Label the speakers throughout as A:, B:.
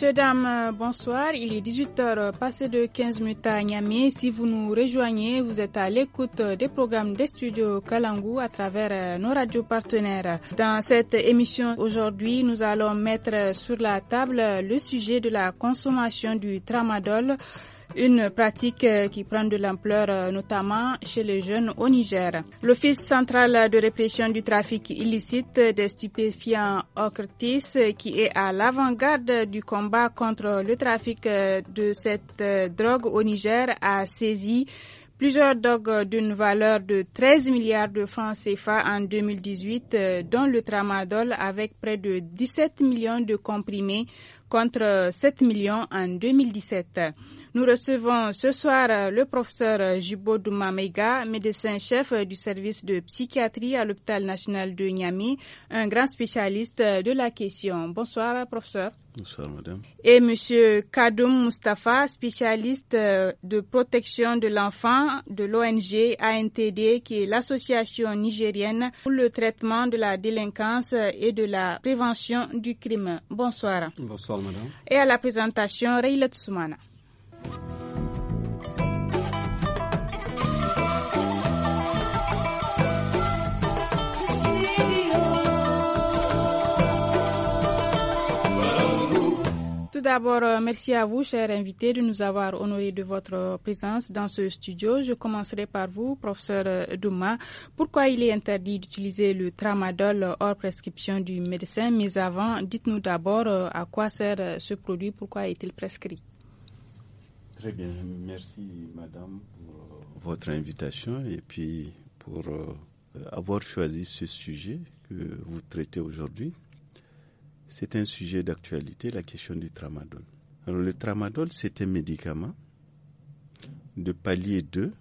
A: Monsieur, dames, euh, bonsoir. Il est 18h euh, passé de 15 minutes à Niamey. Si vous nous rejoignez, vous êtes à l'écoute euh, des programmes des studios Kalangou à travers nos radios partenaires. Dans cette émission aujourd'hui, nous allons mettre sur la table le sujet de la consommation du tramadol une pratique euh, qui prend de l'ampleur euh, notamment chez les jeunes au Niger. L'Office central de répression du trafic illicite des stupéfiants Ocritis, qui est à l'avant-garde du combat contre le trafic euh, de cette drogue au Niger, a saisi Plusieurs dogues d'une valeur de 13 milliards de francs CFA en 2018, euh, dont le tramadol avec près de 17 millions de comprimés contre 7 millions en 2017. Nous recevons ce soir euh, le professeur Jibo Dumamega, médecin-chef du service de psychiatrie à l'hôpital national de Niamey, un grand spécialiste de la question. Bonsoir, professeur.
B: Bonsoir, madame.
A: Et monsieur Kadoum Mustafa, spécialiste euh, de protection de l'enfant de l'ONG ANTD, qui est l'association nigérienne pour le traitement de la délinquance et de la prévention du crime. Bonsoir.
C: Bonsoir, madame.
A: Et à la présentation, Rayle Soumana. d'abord, euh, merci à vous, chers invités, de nous avoir honorés de votre présence dans ce studio. Je commencerai par vous, professeur euh, Douma. Pourquoi il est interdit d'utiliser le tramadol hors prescription du médecin Mais avant, dites-nous d'abord euh, à quoi sert ce produit, pourquoi est-il prescrit
B: Très bien, merci madame pour votre invitation et puis pour avoir choisi ce sujet que vous traitez aujourd'hui c'est un sujet d'actualité, la question du tramadol. Alors, le tramadol, c'est un médicament de palier 2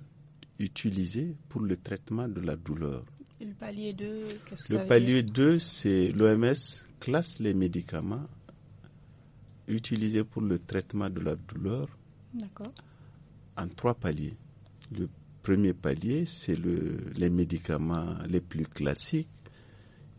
B: utilisé pour le traitement de la douleur.
A: Et le palier 2, qu'est-ce que le ça palier
B: 2, c'est l'OMS classe les médicaments utilisés pour le traitement de la douleur en trois paliers. Le premier palier, c'est le, les médicaments les plus classiques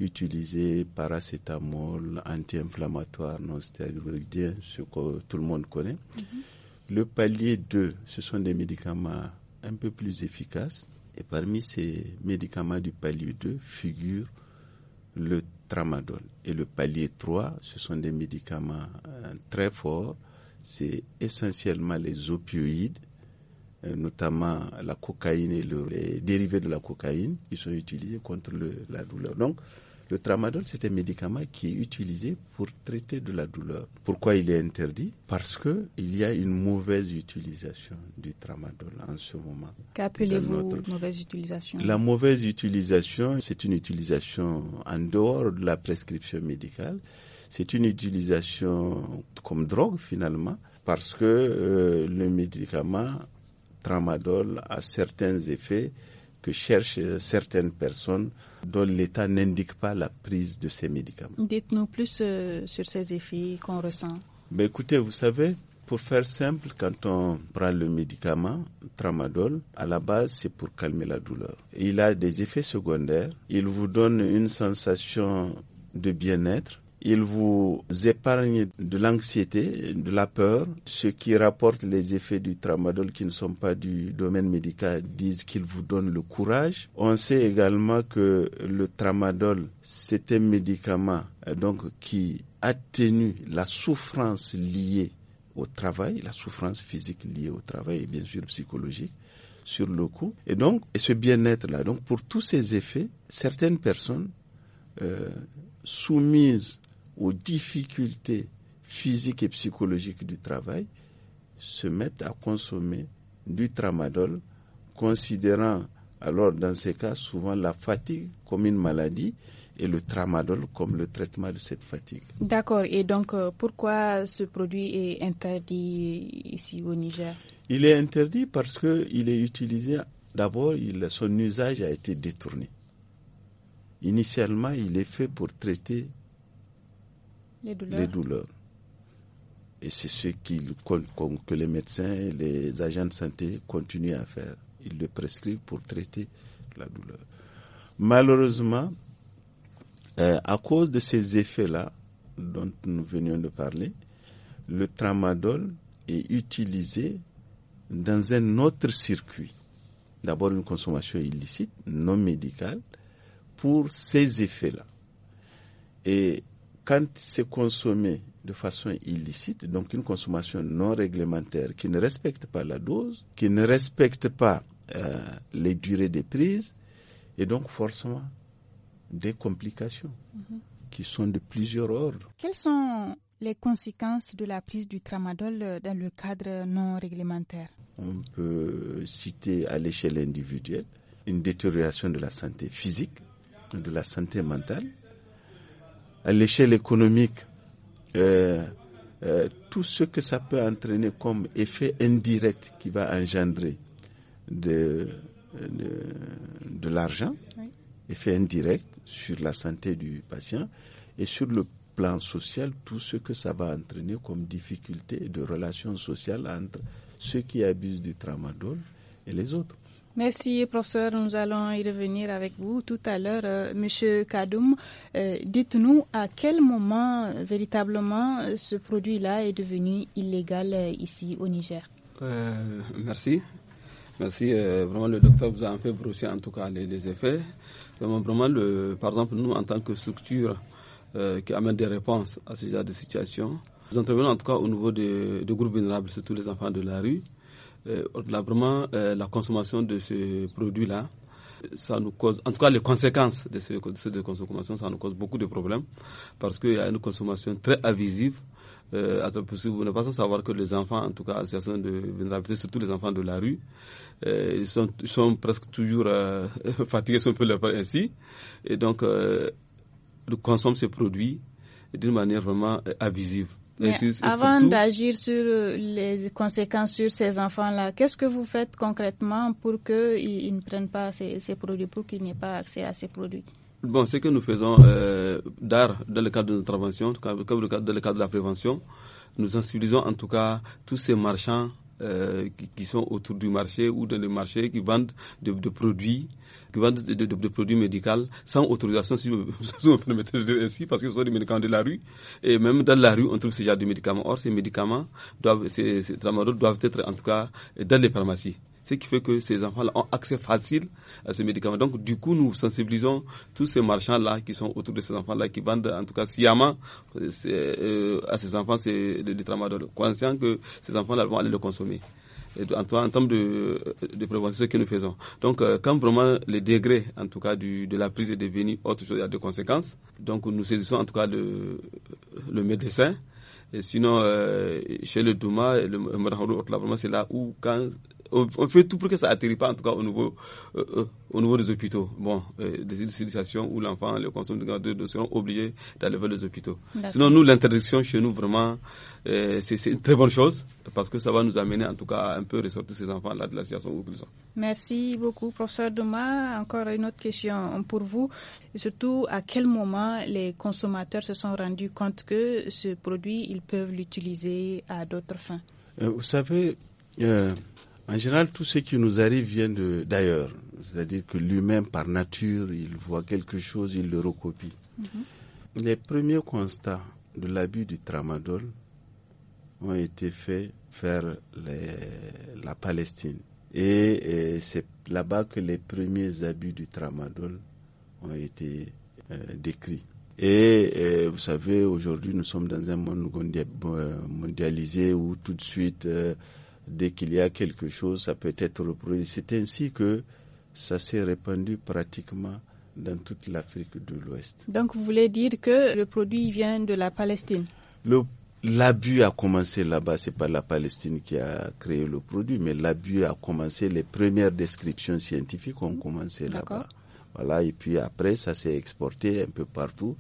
B: utiliser paracétamol, anti-inflammatoire non stéroïdien, ce que tout le monde connaît. Mhm. Le palier 2, ce sont des médicaments un peu plus efficaces. Et parmi ces médicaments du palier 2 figure le tramadol. Et le palier 3, ce sont des médicaments euh, très forts. C'est essentiellement les opioïdes, euh, notamment la cocaïne et les dérivés de la cocaïne qui sont utilisés contre la douleur. Donc, le tramadol, c'est un médicament qui est utilisé pour traiter de la douleur. Pourquoi il est interdit Parce qu'il y a une mauvaise utilisation du tramadol en ce moment. Qu'appelez-vous mauvaise utilisation La mauvaise utilisation, c'est une utilisation en dehors de la prescription médicale. C'est une utilisation comme drogue finalement, parce que euh, le médicament tramadol a certains effets que cherchent euh, certaines personnes dont l'État n'indique pas la prise de ces médicaments.
A: Dites-nous plus euh, sur ces effets qu'on ressent.
B: Ben écoutez, vous savez, pour faire simple, quand on prend le médicament tramadol, à la base, c'est pour calmer la douleur. Il a des effets secondaires. Il vous donne une sensation de bien-être il vous épargne de l'anxiété, de la peur. Ceux qui rapportent les effets du tramadol qui ne sont pas du domaine médical disent qu'il vous donne le courage. On sait également que le tramadol, c'est un médicament euh, donc qui atténue la souffrance liée au travail, la souffrance physique liée au travail et bien sûr psychologique sur le coup. Et donc, et ce bien-être-là, donc pour tous ces effets, certaines personnes euh, soumises aux difficultés physiques et psychologiques du travail se mettent à consommer du tramadol, considérant alors dans ces cas souvent la fatigue comme une maladie et le tramadol comme le traitement de cette fatigue.
A: D'accord. Et donc, euh, pourquoi ce produit est interdit ici au Niger
B: Il est interdit parce qu'il est utilisé, d'abord, son usage a été détourné. Initialement, il est fait pour traiter les douleurs. Et c'est ce que les médecins et les agents de santé continuent à faire. Ils le prescrivent pour traiter la douleur. Malheureusement, euh, à cause de ces effets-là dont nous venions de parler, le tramadol est utilisé dans un autre circuit. D'abord une consommation illicite, non médicale, pour ces effets-là. Et quand c'est consommé de façon illicite, donc une consommation non réglementaire qui ne respecte pas la dose, qui ne respecte pas euh, les durées des prises, et donc forcément des complications mm-hmm. qui sont de plusieurs ordres.
A: Quelles sont les conséquences de la prise du tramadol euh, dans le cadre non réglementaire
B: On peut citer à l'échelle individuelle une détérioration de la santé physique, de la santé mentale, à l'échelle économique, euh, euh, tout ce que ça peut entraîner comme effet indirect qui va engendrer de, l'argent, effet indirect sur la santé du patient et sur le plan social, tout ce que ça va entraîner comme difficulté de relations sociales entre ceux qui abusent du tramadol et les autres.
A: Merci, professeur. Nous allons y revenir avec vous tout à l'heure. Euh, Monsieur Kadoum, euh, dites-nous à quel moment euh, véritablement ce produit-là est devenu illégal ici au Niger.
C: merci. Merci. vraiment, le docteur vous a un peu brossé en tout cas les, effets. Vraiment, le, par exemple, nous, en tant que structure qui amène des réponses à ce genre de situation, nous intervenons en tout cas au niveau de groupes vulnérables, surtout les enfants de la rue. Euh, euh, la consommation de ce produit-là, ça nous cause, en tout cas les conséquences de cette consommations, consommation, ça nous cause beaucoup de problèmes parce qu'il y a une consommation très avisive. Euh, vous ne pas sans savoir que les enfants, en tout cas, association de vulnérabilité, surtout les enfants de la rue, ils, sont, presque toujours fatigués, si on peut le faire ainsi, et donc ils consomment ces produits d'une manière vraiment avisive avant
A: d'agir sur euh, les conséquences sur ces enfants-là, qu'est-ce que vous faites concrètement pour qu'ils ils ne prennent pas ces, produits, pour qu'ils n'aient pas accès à ces produits
C: Bon, ce que nous faisons euh, d'art dans le cadre de intervention, interventions, dans le cadre de la prévention, nous sensibilisons en tout cas tous ces marchands euh, qui, sont autour du marché ou dans les marchés qui vendent de, produits qui vendent de, produits médicaux sans autorisation, si vous me permettez de dire ainsi, parce que ce sont des médicaments de la rue. Et même dans la rue, on trouve ce genre de médicaments. Or, ces médicaments, doivent, ces, ces doivent être en tout cas dans les pharmacies ce qui fait que ces enfants-là ont accès facile à ces médicaments. Donc, du coup, nous sensibilisons tous ces marchands-là qui sont autour de ces enfants-là, qui vendent, en tout cas, sciemment euh, à ces enfants, c'est des tramadol, conscient que ces enfants-là vont aller le consommer. Et en, en, termes de, de prévention, ce que nous faisons. Donc, euh, quand vraiment les degrés, en tout cas, de la prise est devenu autre chose, il y a des conséquences. Donc, nous saisissons en tout cas le, médecin. Et sinon, euh, chez le Douma, le, le c'est là où, quand on, fait tout pour que ça atterrisse pas, en tout cas au niveau, euh, euh, au niveau des hôpitaux. Bon, euh, des utilisations où l'enfant, le consommateur de seront obligés d'aller vers les hôpitaux. Sinon, nous, l'interdiction chez nous, vraiment, c'est une très bonne chose parce que ça va nous amener, en tout cas, à un peu ressortir ces enfants-là de la situation où ils sont.
A: Merci beaucoup, professeur Doma. Encore une autre question pour vous. Et surtout, à quel moment les consommateurs se sont rendus compte que ce produit, ils peuvent l'utiliser à d'autres fins
B: Vous savez, en général, tout ce qui nous arrive vient d'ailleurs. C'est-à-dire que l'humain, par nature, il voit quelque chose, il le recopie. Mhm. Les premiers constats de l'abus du tramadol ont été faits vers la Palestine. Et, c'est là-bas que les premiers abus du tramadol ont été euh, décrits. Et, vous savez, aujourd'hui, nous sommes dans un monde euh, mondialisé où tout de suite... Euh, Dès qu'il y a quelque chose, ça peut être reproduit. C'est ainsi que ça s'est répandu pratiquement dans toute l'Afrique de l'Ouest.
A: Donc vous voulez dire que le produit vient de la Palestine
B: L'abus a commencé là-bas, c'est pas la Palestine qui a créé le produit, mais l'abus a commencé, les premières descriptions scientifiques ont commencé là-bas. Voilà, et puis après ça s'est exporté un peu partout.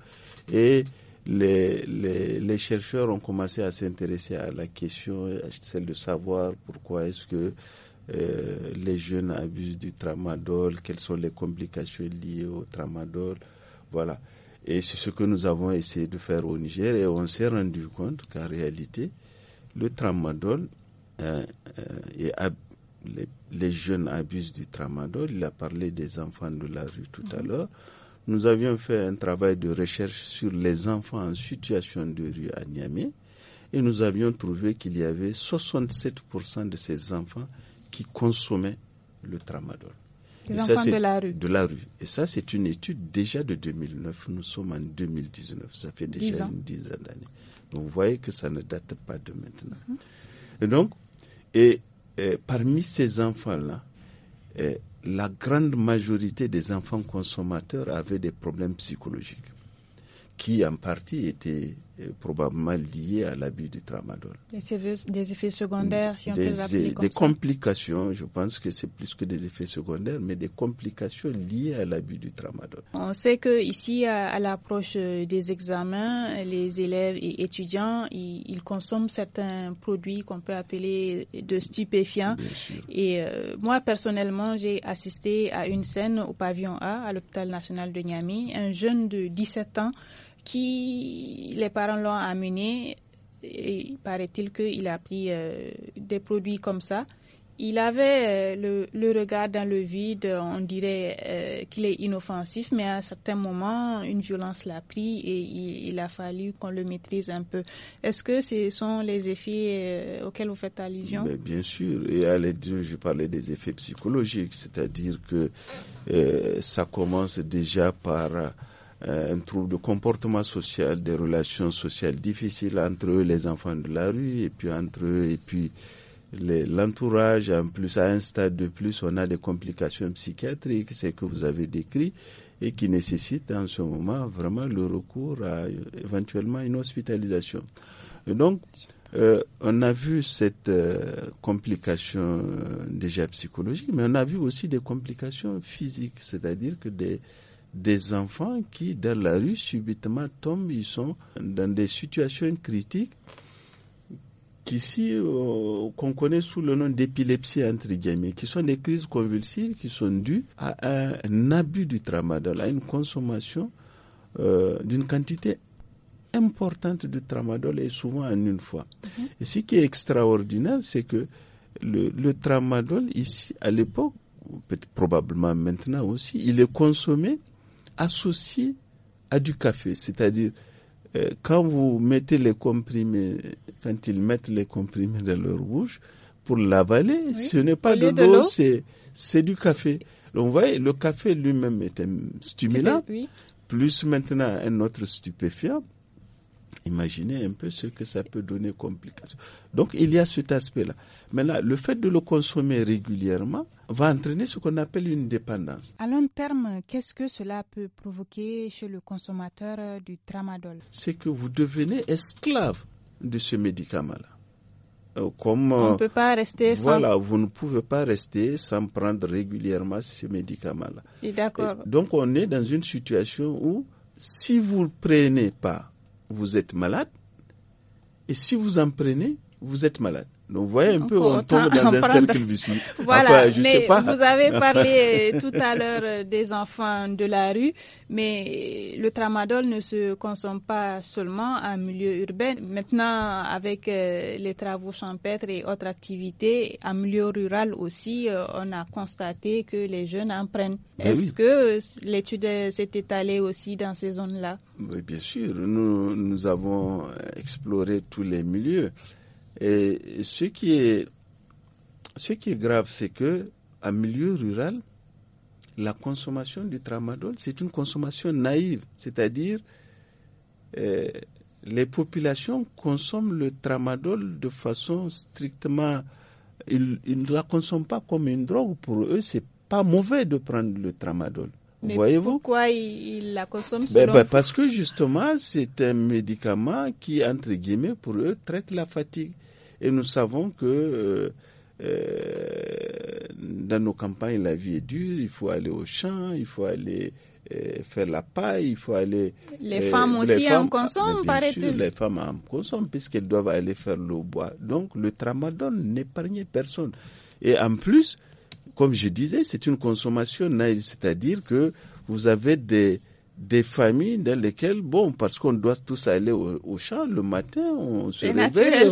B: Et les, chercheurs ont commencé à s'intéresser à la question, celle de savoir pourquoi est-ce que euh, les jeunes abusent du tramadol, quelles sont les complications liées au tramadol. Voilà. Et c'est ce que nous avons essayé de faire au Niger et on s'est rendu compte qu'en réalité, le tramadol, euh, euh, et les, jeunes abusent du tramadol. Il a parlé des enfants de la rue tout à mhm. l'heure. Nous avions fait un travail de recherche sur les enfants en situation de rue à Niamey et nous avions trouvé qu'il y avait 67% de ces enfants qui consommaient le tramadol. Les enfants de la rue. De la rue. Et ça, c'est une étude déjà de 2009. Nous sommes en 2019. Ça fait déjà une dizaine d'années. vous voyez que ça ne date pas de maintenant. Mhm. Et donc, et parmi ces enfants-là, la grande majorité des enfants consommateurs avaient des problèmes psychologiques qui en partie étaient probablement lié à l'abus du tramadol.
A: Des effets secondaires, si on peut les Des ça.
B: complications, je pense que c'est plus que des effets secondaires, mais des complications liées à l'abus du tramadol.
A: On sait que ici, à, l'approche euh, des examens, les élèves et étudiants, ils, consomment certains produits qu'on peut appeler de stupéfiants. Et euh, moi, personnellement, j'ai assisté à une scène au pavillon A, à l'hôpital national de Niamey. Un jeune de 17 ans qui les parents l'ont amené. Et paraît-il qu'il a pris euh, des produits comme ça. Il avait euh, le, regard dans le vide, on dirait euh, qu'il est inoffensif, mais à un certain moment, une violence l'a pris et il, a fallu qu'on le maîtrise un peu. Est-ce que ce sont les effets auxquels vous faites allusion ben,
B: Bien sûr, et à je parlais des effets psychologiques, c'est-à-dire que ça commence déjà par euh, un trouble de comportement social, des relations sociales difficiles entre eux, les enfants de la rue, et puis entre eux, et puis l'entourage. En plus, à un stade de plus, on a des complications psychiatriques, c'est que vous avez décrit, et qui nécessitent en ce moment vraiment le recours à éventuellement une hospitalisation. donc, euh, on a vu cette euh, complication euh, déjà psychologique, mais on a vu aussi des complications physiques, c'est-à-dire que des, des enfants qui, dans la rue, subitement tombent, ils sont dans des situations critiques qu'ici, euh, qu'on connaît sous le nom d'épilepsie, entre guillemets, qui sont des crises convulsives qui sont dues à un, abus du tramadol, à une consommation euh, d'une quantité importante de tramadol et souvent en une fois. Mhm. Et ce qui est extraordinaire, c'est que le, le, tramadol, ici, à l'époque, probablement maintenant aussi, il est consommé associé à du café. C'est-à-dire, euh, quand vous mettez les comprimés, quand ils mettent les comprimés dans leur bouche, pour l'avaler, ce n'est pas de l'eau, c'est du café. Donc, vous voyez, le café lui-même est un stimulant, plus maintenant un autre stupéfiant. Imaginez un peu ce que ça peut donner complication. Donc il y a cet aspect-là. Maintenant, le fait de le consommer régulièrement va entraîner ce qu'on appelle une dépendance.
A: À long terme, qu'est-ce que cela peut provoquer chez le consommateur euh, du tramadol
B: C'est que vous devenez esclave de ce médicament-là. Euh, Comment On euh, ne peut
A: pas rester voilà,
B: vous ne pouvez pas rester sans prendre régulièrement ce médicament
A: là D'accord.
B: Donc on est dans une situation où
A: si vous ne
B: prenez pas vous êtes malade. Et si vous en prenez, vous êtes malade. Donc, vous un peu, on tombe dans un cercle vicieux. Voilà, mais vous avez parlé euh, tout à l'heure
A: euh, des enfants de la rue, mais le tramadol ne se consomme pas seulement en milieu urbain. Maintenant, avec euh, les travaux champêtres et autres activités, en milieu rural aussi, on a constaté que les jeunes en prennent. Ben Est-ce que l'étude s'est étalée aussi dans ces zones-là
B: Oui, bien sûr. Nous, nous avons exploré tous les milieux. Et ce qui est, grave, c'est que en milieu rural, la consommation du tramadol, c'est une consommation naïve, c'est-à-dire euh, les populations consomment le tramadol de façon strictement, ils, ne la consomment pas comme une drogue. Pour eux, c'est pas mauvais de prendre le tramadol. Voyez-vous
A: Pourquoi ils la consomment ben, ben, Parce
B: que justement, c'est un médicament qui, entre guillemets, pour eux, traite la fatigue. Et nous savons que euh, euh dans nos campagnes, la vie est dure, il faut aller au champ, il faut aller euh, faire la paille, il faut aller... Les euh, femmes aussi en ah, consomment, paraît-il. Les femmes en consomment puisqu'elles doivent aller faire le bois. Donc le tramadol n'épargne personne. Et en plus, comme je disais, c'est une consommation naïve, c'est-à-dire que vous avez des, des familles dans lesquelles, bon, parce qu'on doit tous aller au, champ le matin, on se réveille,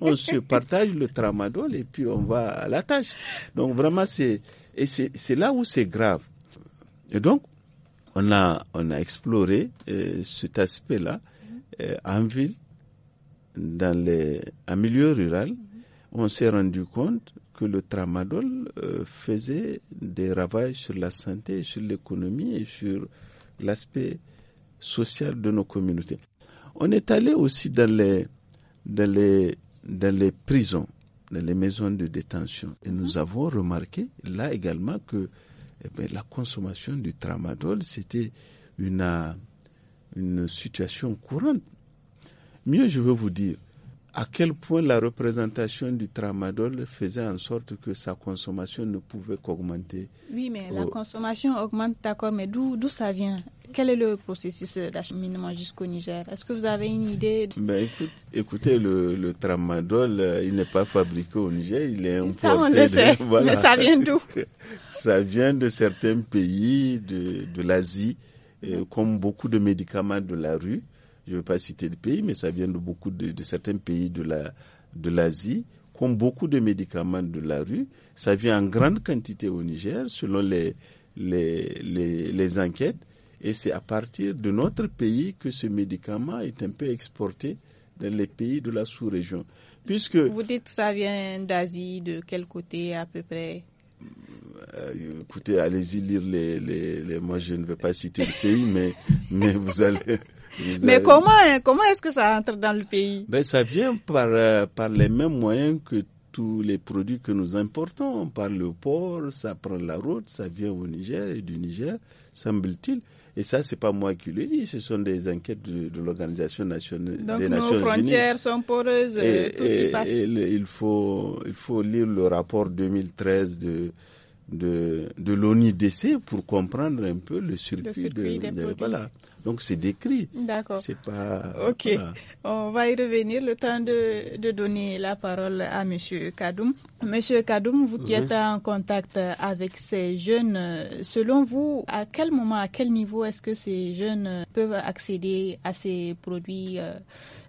B: on, se partage le tramadol et puis on va à la tâche. Donc vraiment, c'est, et c'est, là où c'est grave. Et donc, on a, on a exploré euh, cet aspect-là euh, en ville, dans les, en milieu rural. On s'est rendu compte que le tramadol euh, faisait des ravages sur la santé, sur l'économie et sur l'aspect social de nos communautés. On est allé aussi dans les, dans les, dans les prisons, dans les maisons de détention, et nous avons remarqué là également que eh ben, la consommation du tramadol, c'était une, une situation courante. Mieux, je veux vous dire, à quel point la représentation du tramadol faisait en sorte que sa consommation ne pouvait qu'augmenter.
A: Oui, mais la consommation augmente, d'accord, mais d'où ça vient Quel est le processus euh, d'acheminement jusqu'au Niger Est-ce que vous avez une idée
B: ben, Écoutez, le, tramadol, euh, il n'est pas fabriqué au Niger, il est importé. Ça, mais ça vient d'où Ça vient de certains pays de, de l'Asie, euh, comme beaucoup de médicaments de la rue je ne vais pas citer le pays, mais ça vient de beaucoup de, certains pays de la de l'Asie, comme beaucoup de médicaments de la rue, ça vient en grande quantité au Niger, selon les, les, les, enquêtes. Et c'est à partir de notre pays que ce médicament est un peu exporté dans les pays de la sous-région. Puisque Vous
A: dites que ça vient d'Asie, de quel côté à peu près
B: euh, Écoutez, allez-y lire les, Moi, je ne vais pas citer le pays, mais, mais vous allez... Mais comment,
A: hein, comment est-ce que ça entre dans le pays
B: ben, Ça vient par, euh, par les mêmes moyens que tous les produits que nous importons. Par le port, ça prend la route, ça vient au Niger et du Niger, semble-t-il. Et ça, ce n'est pas moi qui le dis, ce sont des enquêtes de, l'Organisation nationale des Nations Unies. nos frontières
A: sont poreuses, euh, tout y passe.
B: il faut il faut lire le rapport 2013 de de, de l'ONIDC pour comprendre un peu le circuit, de, des de, donc c'est décrit.
A: D'accord. C'est
B: pas. Ok.
A: On va y revenir. Le temps de, donner la parole à Monsieur Kadoum. Monsieur Kadoum, vous qui êtes en contact avec ces jeunes, selon vous, à quel moment, à quel niveau est-ce que ces jeunes peuvent accéder à ces produits euh,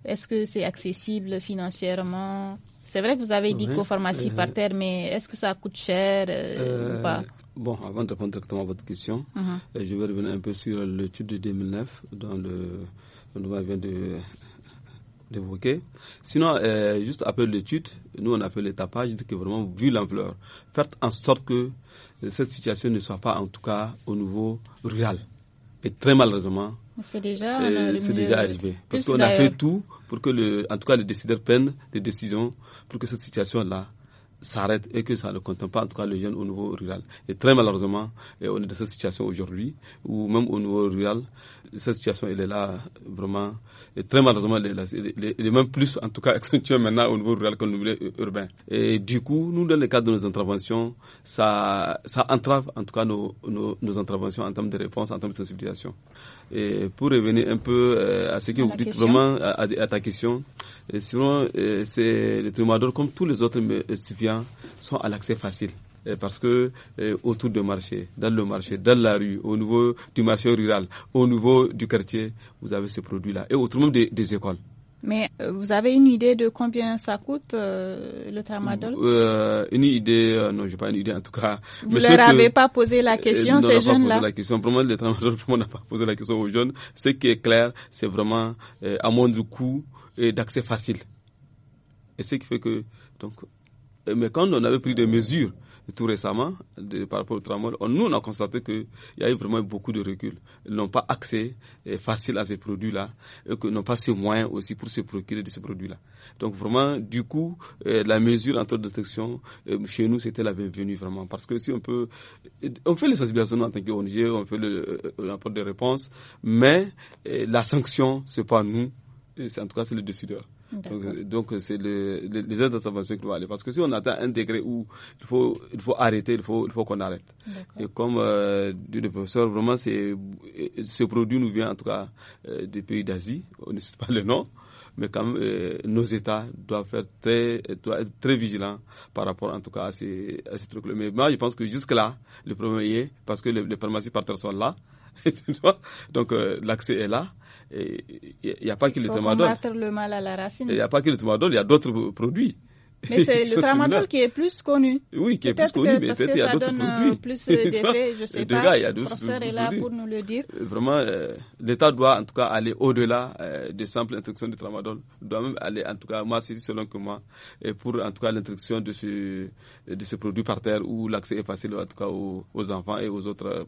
A: Est-ce que c'est accessible financièrement C'est vrai que vous avez dit oui. qu'aux euh, par terre, mais est-ce que ça coûte cher euh, ou pas
C: Bon, avant de répondre directement à votre question, uh-huh. je vais revenir un peu sur l'étude de 2009 dont le, vient d'évoquer. Sinon, euh, juste après l'étude, nous on appelle le tapage, que vraiment, vu l'ampleur, faites en sorte que cette situation ne soit pas, en tout cas, au niveau rural. Et très malheureusement,
A: c'est euh, déjà, arrivé. Parce qu'on
C: a fait tout pour que, le, en tout cas, les décideurs prennent des décisions pour que cette situation-là s'arrête et que ça ne contemple pas, en tout cas, les jeunes au niveau rural. Et très malheureusement, on est dans cette situation aujourd'hui où même au niveau rural, cette situation, elle est là, vraiment, et très malheureusement, elle est, même plus, en tout cas, accentuée maintenant au niveau rural qu'au niveau urbain. Et du coup, nous, dans le cadre de nos interventions, ça, ça entrave, en tout cas, nos, nos, interventions en termes de réponse, en termes de sensibilisation. Et pour revenir un peu euh, à ce que vous dites vraiment, à, ta question, sinon, euh, c'est les troubadours, comme tous les autres étudiants, euh, hein, sont à l'accès facile. Eh, parce que eh, autour du marché, dans le marché, dans la rue, au niveau du marché rural, au niveau du quartier, vous avez ces produits-là et autrement des, des écoles.
A: Mais euh, vous avez une idée de combien ça coûte euh, le tramadol
C: euh, Une idée, non, je n'ai pas une idée en tout cas. Vous ne leur avez pas posé la question, ces jeunes-là On n'a pas posé la question. Vraiment, le tramadol, on n'a pas posé la question aux jeunes. Ce qui est clair, c'est vraiment à moindre coût et d'accès facile. Et ce qui fait que. Donc, mais quand on avait pris des mesures, tout récemment par rapport au tramol, nous on a constaté qu'il y a eu vraiment beaucoup de recul. Ils n'ont pas accès eh, facile à ces produits-là et que n'ont pas ces moyens aussi pour se procurer de ces produits-là. Donc vraiment, du coup, eh, la mesure en taux de détection eh, chez nous, c'était la bienvenue vraiment. Parce que si on peut... On fait les sensibilisations en tant qu'ONG, on fait le, apporte des réponses, mais la sanction, c'est pas nous, en tout cas c'est le décideur. Donc, euh, euh, c'est le, les aides qui vont aller. Parce que si on atteint un degré où il faut, il faut arrêter, il faut, il faut qu'on arrête. Et comme euh, dit le professeur, vraiment, c'est, ce produit nous vient en tout cas euh, des pays d'Asie, on ne cite pas le nom mais quand nos États doivent faire très, être très vigilants par rapport, en tout cas, à ces, trucs-là. Mais moi, je pense que jusque-là, le problème est parce que les, les pharmacies partenaires sont là, donc l'accès est là il n'y a pas que le tamadol. Il n'y a pas que le tamadol, il y a d'autres produits. Mais c'est le tramadol qui
A: est plus connu.
C: Oui, qui est plus connu, mais peut-être il y a d'autres produits. Euh, plus d'effets, je sais il a Le professeur est là pour nous le dire. Vraiment, euh, l'État doit en tout cas aller au-delà euh, des simples instructions du tramadol. Il doit même aller, en tout cas, moi, c'est selon que moi, et pour en tout cas l'introduction de ce, de ce produit par terre où l'accès est facile en tout cas aux, enfants et aux autres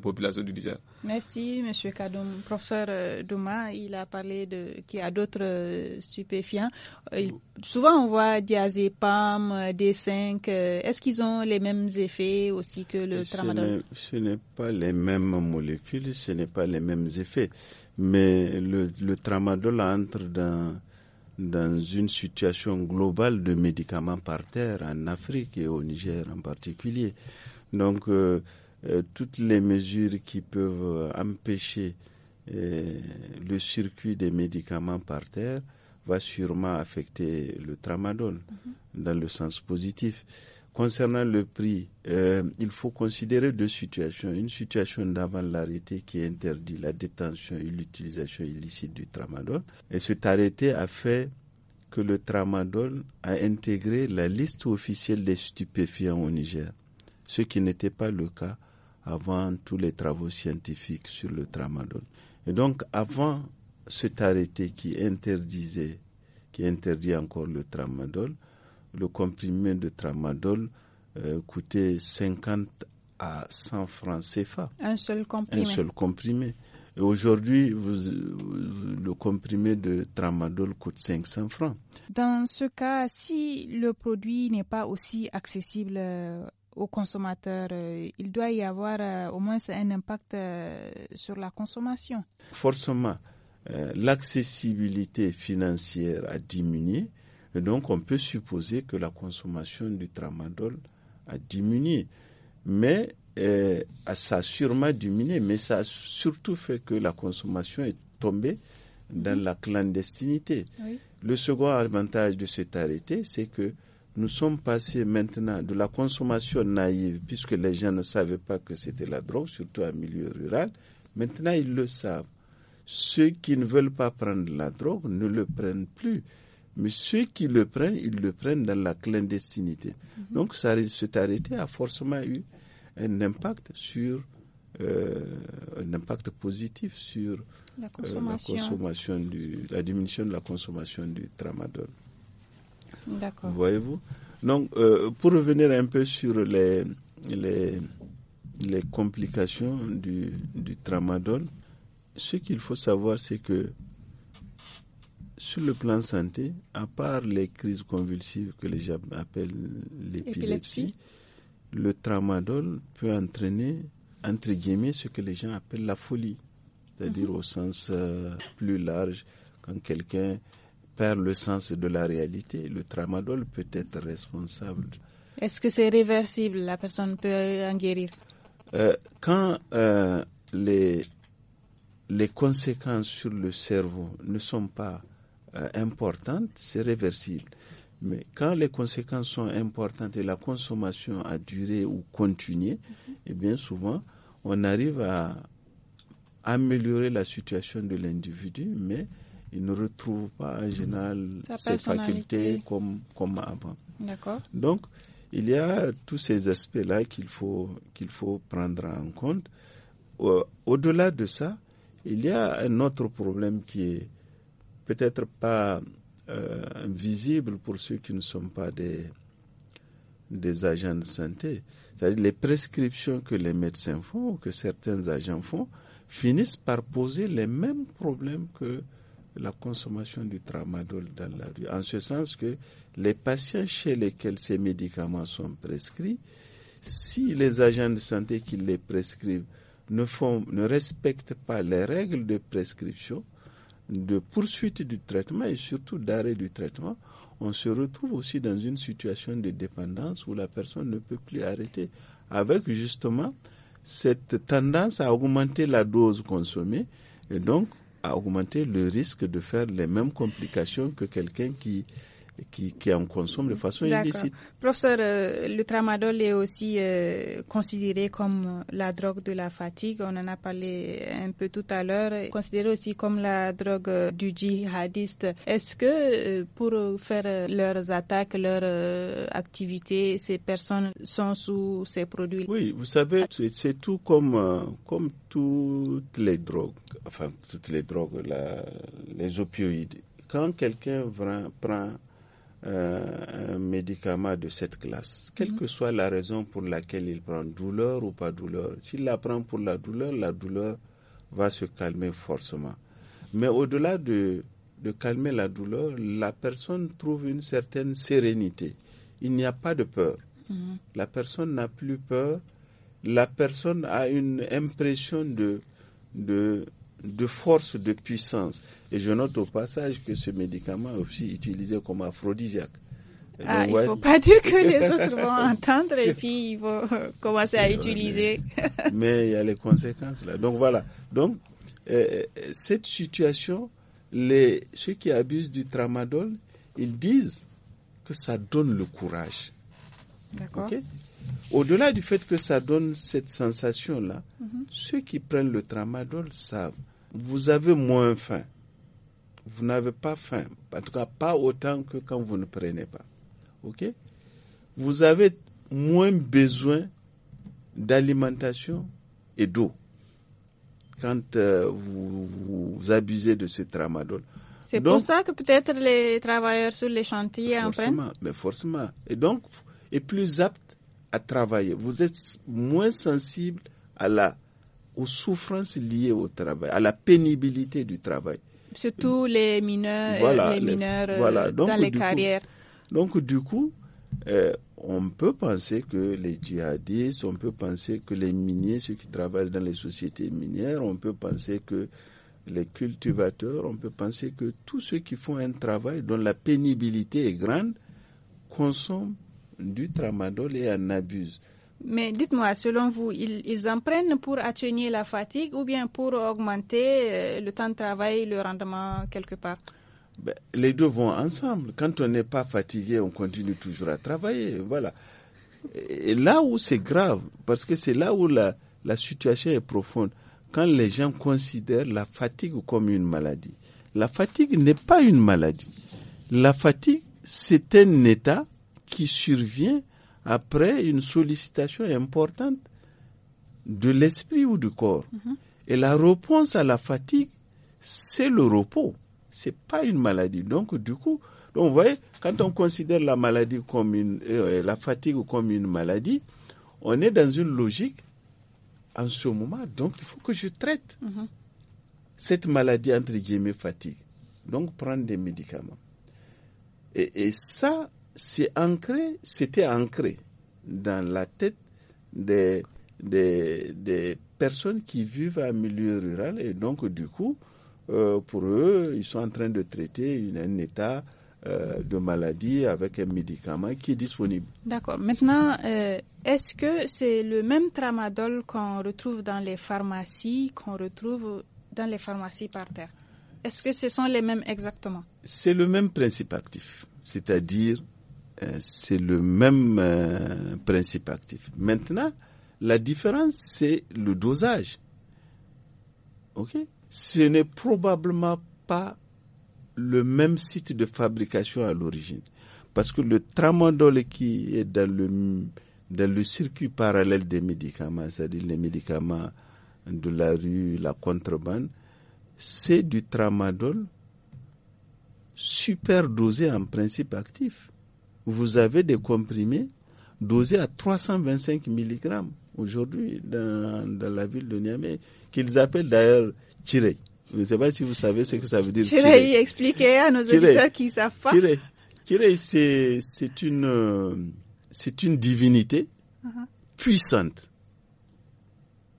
C: populations du Niger.
A: Merci, M. Kadoum. Professeur Douma, il a parlé de qu'il y a d'autres stupéfiants. souvent, on voit Diazepam, diazépam, euh, D5, euh, est-ce qu'ils ont les mêmes effets aussi que le tramadol
B: Ce n'est pas les mêmes molécules, ce n'est pas les mêmes effets. Mais le, tramadol entre dans, dans une situation globale de médicaments par terre en Afrique et au Niger en particulier. Donc, euh, toutes les mesures qui peuvent empêcher le circuit des médicaments par terre va sûrement affecter le tramadol mhm. dans le sens positif. Concernant le prix, euh, il faut considérer deux situations. Une situation d'avant l'arrêté qui interdit la détention et l'utilisation illicite du tramadol. Et cet arrêté a fait que le tramadol a intégré la liste officielle des stupéfiants au Niger, ce qui n'était pas le cas avant tous les travaux scientifiques sur le tramadol. Et donc, avant cet arrêté qui interdisait, qui interdit encore le tramadol, le comprimé de tramadol euh, coûtait 50 à 100 francs CFA. Un
A: seul comprimé. Un seul
B: comprimé. Et aujourd'hui, le comprimé de tramadol coûte 500 francs.
A: Dans ce cas, si le produit n'est pas aussi accessible euh, aux consommateurs, euh, il doit y avoir au moins un impact sur la consommation.
B: Forcément. Euh, l'accessibilité financière a diminué. Et donc, on peut supposer que la consommation du tramadol a diminué. Mais euh, ça a sûrement diminué, mais ça a surtout fait que la consommation est tombée dans la clandestinité. Le second avantage de cet arrêté, c'est que nous sommes passés maintenant de la consommation naïve, puisque les gens ne savaient pas que c'était la drogue, surtout en milieu rural. Maintenant, ils le savent. Ceux qui ne veulent pas prendre la drogue ne le prennent plus. Mais ceux qui le prennent, ils le prennent dans la clandestinité. Mhm. Donc, ça, cet arrêté a forcément eu un impact sur euh, un impact positif sur la euh, consommation, la du, la diminution de la consommation du tramadol. D'accord. Voyez-vous. Donc, euh, pour revenir un peu sur les les, les complications du, du tramadol, ce qu'il faut savoir, c'est que sur le plan santé, à part les crises convulsives que les gens appellent l'épilepsie, le tramadol peut entraîner, entre guillemets, ce que les gens appellent la folie, c'est-à-dire mhm. au sens euh, plus large, quand quelqu'un perd le sens de la réalité, le tramadol peut être responsable.
A: Est-ce que c'est réversible La personne peut en guérir
B: euh, Quand euh, les les conséquences sur le cerveau ne sont pas euh, importantes, c'est réversible. Mais quand les conséquences sont importantes et la consommation a duré ou continué, et eh bien souvent, on arrive à améliorer la situation de l'individu, mais il ne retrouve pas en général mmh. ses facultés comme, comme avant. D'accord. Donc, il y a tous ces aspects-là qu'il faut, qu'il faut prendre en compte. Au-delà de ça, il y a un autre problème qui est peut-être pas euh, visible pour ceux qui ne sont pas des, des agents de santé. C'est-à-dire les prescriptions que les médecins font ou que certains agents font finissent par poser les mêmes problèmes que la consommation du tramadol dans la rue. En ce sens que les patients chez lesquels ces médicaments sont prescrits, si les agents de santé qui les prescrivent ne, font, respectent pas les règles de prescription, de poursuite du traitement et surtout d'arrêt du traitement, on se retrouve aussi dans une situation de dépendance où la personne ne peut plus arrêter, avec justement cette tendance à augmenter la dose consommée et donc à augmenter le risque de faire les mêmes complications que quelqu'un qui qui, en consomment de mm. façon illicite.
A: Professeur, euh, le tramadol est aussi euh, considéré comme euh, la drogue de la fatigue. On en a parlé un peu tout à l'heure. Considéré aussi comme la drogue du djihadiste. Est-ce que pour faire leurs attaques, leurs activités, ces personnes sont sous ces produits Oui,
B: vous savez, c'est tout comme, comme toutes les drogues, enfin toutes les drogues, les opioïdes. Quand quelqu'un prend un médicament de cette classe, quelle mhm. que soit la raison pour laquelle il prend, douleur ou pas douleur, s'il la prend pour la douleur, la douleur va se calmer forcément. Mais au-delà de, de calmer la douleur, la personne trouve une certaine sérénité. Il n'y a pas de peur. Mhm. La personne n'a plus peur. La personne a une impression de, de, de force, de puissance. Et je note au passage que ce médicament est aussi utilisé comme aphrodisiaque. Ah, il ne faut pas dire que les autres vont
A: entendre et puis ils vont commencer à utiliser.
B: Mais il y a les conséquences là. Donc voilà. Donc euh, euh, cette situation, les, ceux qui abusent du tramadol, ils disent que ça donne le courage. Au-delà du fait que ça donne cette sensation-là, mhm. ceux qui prennent le tramadol savent, vous avez moins faim. Vous n'avez pas faim. En tout cas, pas autant que quand vous ne prenez pas. OK Vous avez moins besoin d'alimentation et d'eau quand euh, vous, abusez de ce tramadol.
A: C'est pour ça que peut-être les travailleurs sur les chantiers en prennent.
B: Mais forcément. Et donc, est plus apte à travailler. Vous êtes moins sensible à la, aux souffrances liées au travail, à la pénibilité du travail.
A: Surtout les mineurs, euh, les mineurs euh, dans les carrières.
B: donc du coup, euh, on peut penser que les djihadistes, on peut penser que les miniers, ceux qui travaillent dans les sociétés minières, on peut penser que les cultivateurs, on peut penser que tous ceux qui font un travail dont la pénibilité est grande consomment du tramadol et en abuse.
A: Mais dites-moi, selon vous, ils, en prennent pour atténuer la fatigue ou bien pour augmenter euh, le temps de travail, le rendement quelque part
B: ben, Les deux vont ensemble. Quand on n'est pas fatigué, on continue toujours à travailler. Voilà. Et là où c'est grave, parce que c'est là où la, la situation est profonde, quand les gens considèrent la fatigue comme une maladie. La fatigue n'est pas une maladie. La fatigue, c'est un état qui survient après une sollicitation importante de l'esprit ou du corps. Mhm. Et la réponse à la fatigue, c'est le repos. C'est pas une maladie. Donc, du coup, donc, vous voyez, quand on considère la maladie comme une, euh, la fatigue comme une maladie, on est dans une logique en ce moment. Donc, il faut que je traite mhm. cette maladie entre guillemets fatigue. Donc, prendre des médicaments. et ça, c'est ancré, c'était ancré dans la tête des, des, personnes qui vivent en milieu rural. Et donc, du coup, euh, pour eux, ils sont en train de traiter une, un état euh, de maladie avec un médicament qui est disponible.
A: D'accord. Maintenant, euh, est-ce que c'est le même tramadol qu'on retrouve dans les pharmacies, qu'on retrouve dans les pharmacies par terre Est-ce que ce sont les mêmes exactement
B: C'est le même principe actif, c'est-à-dire euh, c'est le même euh, principe actif. Maintenant, la différence, c'est le dosage. OK Ce n'est probablement pas le même site de fabrication à l'origine. Parce que le tramadol qui est dans le, dans le circuit parallèle des médicaments, c'est-à-dire les médicaments de la rue, la contrebande, c'est du tramadol super dosé en principe actif vous avez des comprimés dosés à 325 mg aujourd'hui dans, la ville de Niamey, qu'ils appellent d'ailleurs tiré. Je ne sais pas si vous savez ce que ça veut dire. Tiré,
A: expliquez à nos auditeurs qui savent pas.
B: Tirei, c'est une, c'est une divinité uh-huh. puissante.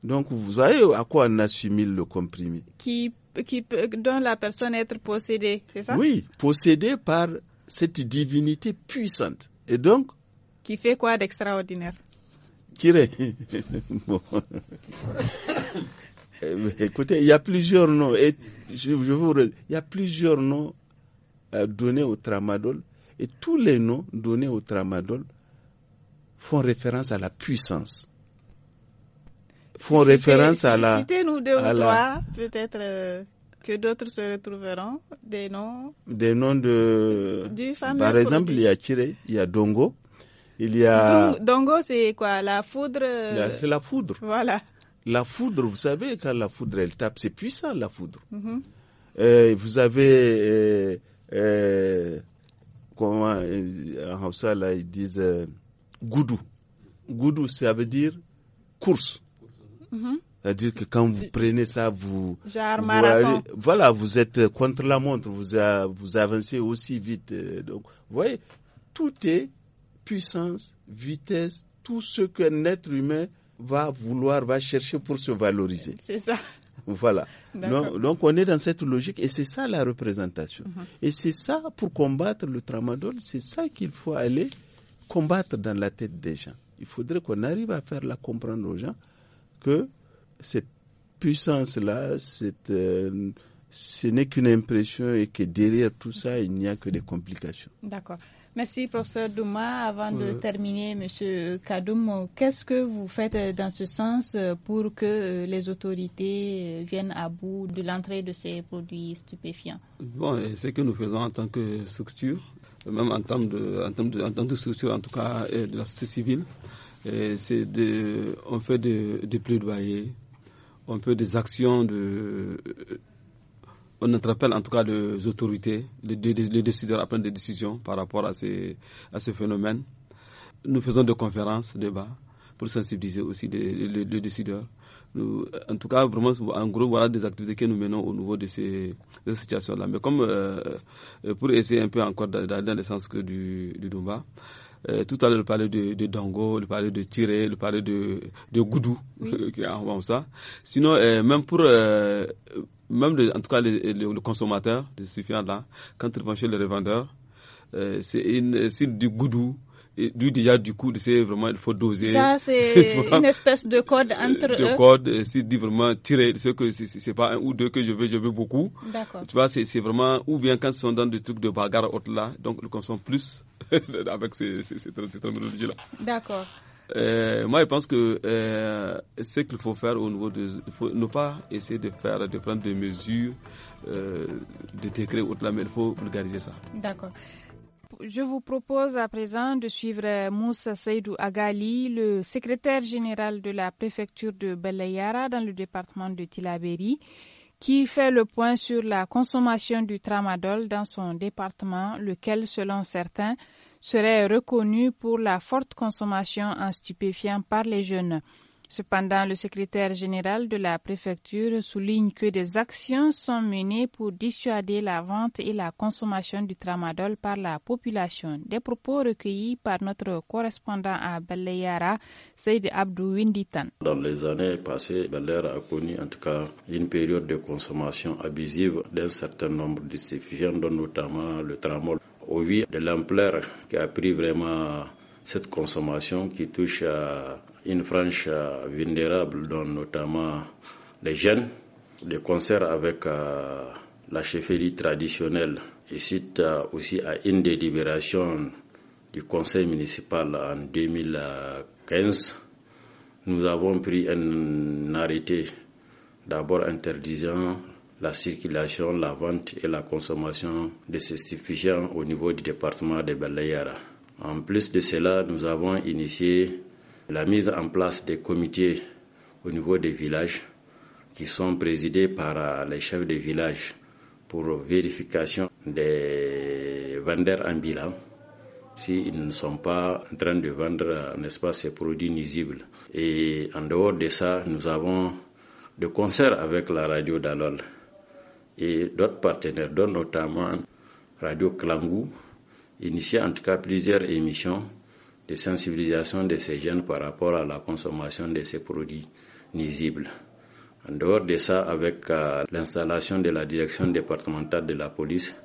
B: Donc vous voyez à quoi on assimile le comprimé.
A: Qui, qui, dont la personne être possédée, c'est ça Oui,
B: possédée par cette divinité puissante. Et donc
A: Qui fait quoi d'extraordinaire
B: Kiré. bon. Eh ben, écoutez, il y a plusieurs noms. Et je, il y a plusieurs noms euh, donnés au tramadol. Et tous les noms donnés au tramadol font référence à la puissance font référence à la. Citez-nous deux trois,
A: peut-être. Euh, que d'autres se retrouveront, des noms.
B: Des noms de. Du Par exemple, il y a Chiré, il y a Dongo, il y a.
A: Dongo, c'est quoi La foudre. C'est la foudre. Voilà.
B: La foudre, vous savez, quand la foudre elle tape, c'est puissant la foudre. Mhm. Euh, vous avez. Euh, euh, comment en Hausa là ils disent goudou. Goudou, ça veut dire course. Mhm. C'est-à-dire que quand vous prenez ça, vous, voilà, vous êtes contre la montre, vous, vous avancez aussi vite. Euh, donc, vous voyez, tout est puissance, vitesse, tout ce qu'un être humain va vouloir, va chercher pour se valoriser. C'est ça. Voilà. Donc, on est dans cette logique et c'est ça la représentation. Mhm. Et c'est ça pour combattre le tramadol, c'est ça qu'il faut aller combattre dans la tête des gens. Il faudrait qu'on arrive à faire la comprendre aux gens que cette puissance-là, euh, ce n'est qu'une impression et que derrière tout ça, il n'y a que des complications.
A: D'accord. Merci, professeur Douma. Avant de euh. terminer, monsieur Kadoum, qu'est-ce que vous faites euh, dans ce sens pour que les autorités viennent à bout de l'entrée de ces produits stupéfiants
C: Bon, ce que nous faisons en tant que structure, même en de, tant que structure, en tout cas de la société civile, c'est de, on fait des de plaidoyers un peu des actions de. On interpelle en tout cas les autorités, les, décideurs à prendre des décisions par rapport à ces, à ces phénomènes. Nous faisons des conférences, débats, pour sensibiliser aussi les, décideurs. Nous, en tout cas, vraiment, en gros, voilà des activités que nous menons au niveau de ces, ces situations-là. Mais comme, euh, pour essayer un peu encore d'aller dans le sens que du, du Dumba, euh, tout à l'heure, il parlait de, de Dango, il parlait de Tiré, il parlait de, de Goudou, qui est ça. Sinon, euh, même pour, euh, même le, en tout cas, le, le, le consommateur de ce là quand il va chez le revendeur, euh, c'est du Goudou, lui déjà du coup c'est vraiment il faut doser ça c'est une
A: espèce de code entre de code
C: c'est vraiment tirer ce que c'est pas un ou deux que je veux je veux beaucoup tu vois c'est vraiment ou bien quand ils sont dans des trucs de bagarre au là donc ils consomment plus avec ces là d'accord euh, moi, je pense que euh, ce qu'il faut faire au niveau de. Faut ne pas essayer de faire, de prendre des mesures, euh, de décret au mais il faut vulgariser ça.
A: D'accord je vous propose à présent de suivre Moussa Seydou Agali, le secrétaire général de la préfecture de Belayara dans le département de Tilaberi, qui fait le point sur la consommation du tramadol dans son département, lequel, selon certains, serait reconnu pour la forte consommation en stupéfiants par les jeunes. Cependant, le secrétaire général de la préfecture souligne que des actions sont menées pour dissuader la vente et la consommation du tramadol par la population. Des propos recueillis par notre correspondant à Baleyara, Seyd Abdou Winditan.
D: Dans les années passées, Baleyara a connu en tout cas une période de consommation abusive d'un certain nombre de stupéfiants, dont notamment le tramadol. Au vu de l'ampleur qui a pris vraiment cette consommation qui touche à une frange euh, vulnérable dont notamment les jeunes, de concerts avec euh, la chefferie traditionnelle et cite euh, aussi à une délibération du conseil municipal en 2015, nous avons pris un arrêté d'abord interdisant la circulation, la vente et la consommation de ces stupéfiants au niveau du département de Balayara. En plus de cela, nous avons initié la mise en place des comités au niveau des villages qui sont présidés par euh, les chefs des villages pour vérification des vendeurs en bilan s'ils ne sont pas en train de vendre, euh, nest espace ces produits nuisibles. Et en dehors de ça, nous avons des concerts avec la radio d'Alol et d'autres partenaires, dont notamment Radio Klangou, initié en tout cas plusieurs émissions de sensibilisation de ces jeunes par rapport à la consommation de ces produits nuisibles. En dehors de ça, avec euh, l'installation de la direction départementale de la police,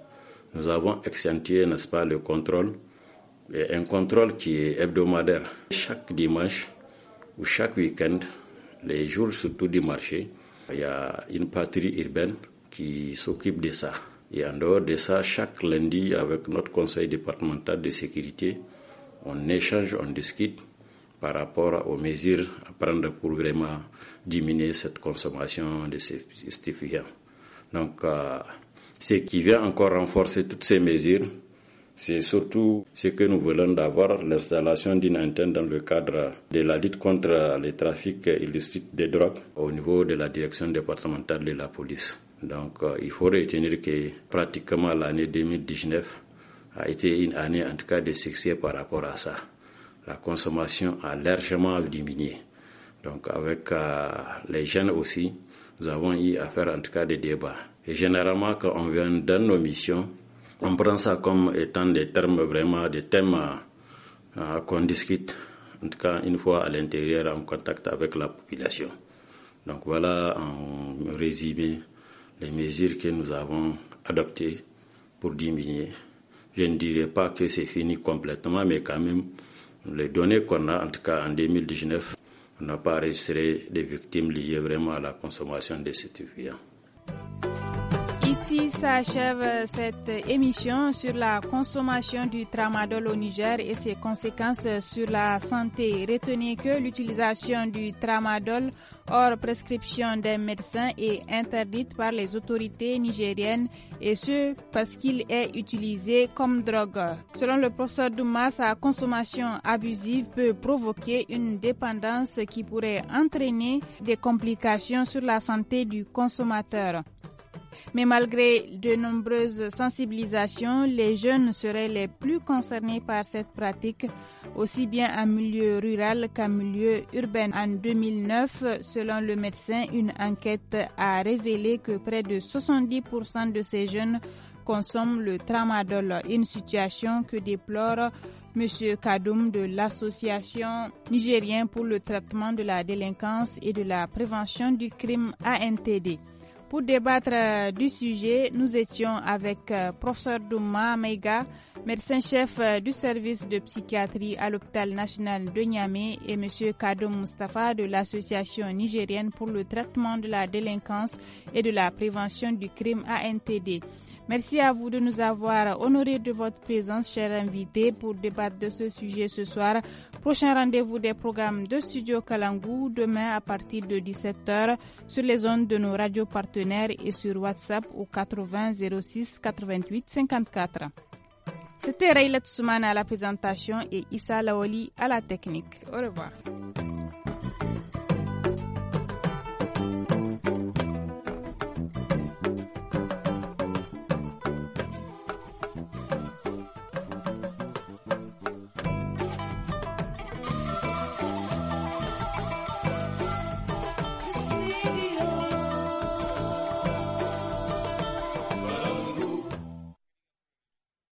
D: nous avons accentué, n'est-ce pas, le contrôle, un contrôle qui est hebdomadaire. Chaque dimanche ou chaque week-end, les jours surtout du marché, il y a une patrie urbaine qui s'occupe de ça. Et en dehors de ça, chaque lundi, avec notre conseil départemental de sécurité, on échange, on discute par rapport aux mesures à prendre pour vraiment diminuer cette consommation de ces stupéfiants. Donc, euh, ce qui vient encore renforcer toutes ces mesures, c'est surtout ce que nous voulons d'avoir, l'installation d'une antenne dans le cadre de la lutte contre les trafics illicites de drogue au niveau de la direction départementale de la police. Donc, euh, il faut retenir que pratiquement l'année 2019, a été une année en tout cas de succès par rapport à ça. La consommation a largement diminué. Donc avec euh, les jeunes aussi, nous avons eu à faire en tout cas des débats. Et généralement, quand on vient dans nos missions, on prend ça comme étant des termes vraiment, des thèmes euh, euh qu'on discute, en tout cas une fois à l'intérieur, en contact avec la population. Donc voilà en résumé les mesures que nous avons adoptées pour diminuer je ne dirais pas que c'est fini complètement, mais quand même, les données qu'on a, en tout cas en 2019, on n'a pas enregistré des victimes liées vraiment à la consommation de stupéfiants.
A: Ainsi s'achève cette émission sur la consommation du tramadol au Niger et ses conséquences sur la santé. Retenez que l'utilisation du tramadol hors prescription des médecins est interdite par les autorités nigériennes et ce parce qu'il est utilisé comme drogue. Selon le professeur Douma, sa consommation abusive peut provoquer une dépendance qui pourrait entraîner des complications sur la santé du consommateur. Mais malgré de nombreuses sensibilisations, les jeunes seraient les plus concernés par cette pratique, aussi bien en milieu rural qu'en milieu urbain. En 2009, selon le médecin, une enquête a révélé que près de 70% de ces jeunes consomment le tramadol, une situation que déplore M. Kadoum de l'Association nigérienne pour le traitement de la délinquance et de la prévention du crime ANTD. Pour débattre euh, du sujet, nous étions avec euh, professeur Douma Meiga, médecin-chef euh, du service de psychiatrie à l'hôpital national de Niamey et monsieur Kadou Mustafa de l'association nigérienne pour le traitement de la délinquance et de la prévention du crime ANTD. Merci à vous de nous avoir honorés de votre présence, chers invités, pour débattre de ce sujet ce soir. Prochain rendez-vous des programmes de Studio Kalangou demain à partir de 17h sur les zones de nos radios partenaires et sur WhatsApp au 80 06 88 54. C'était Rayla Tsumana à la présentation et Issa Laoli à la technique. Au revoir.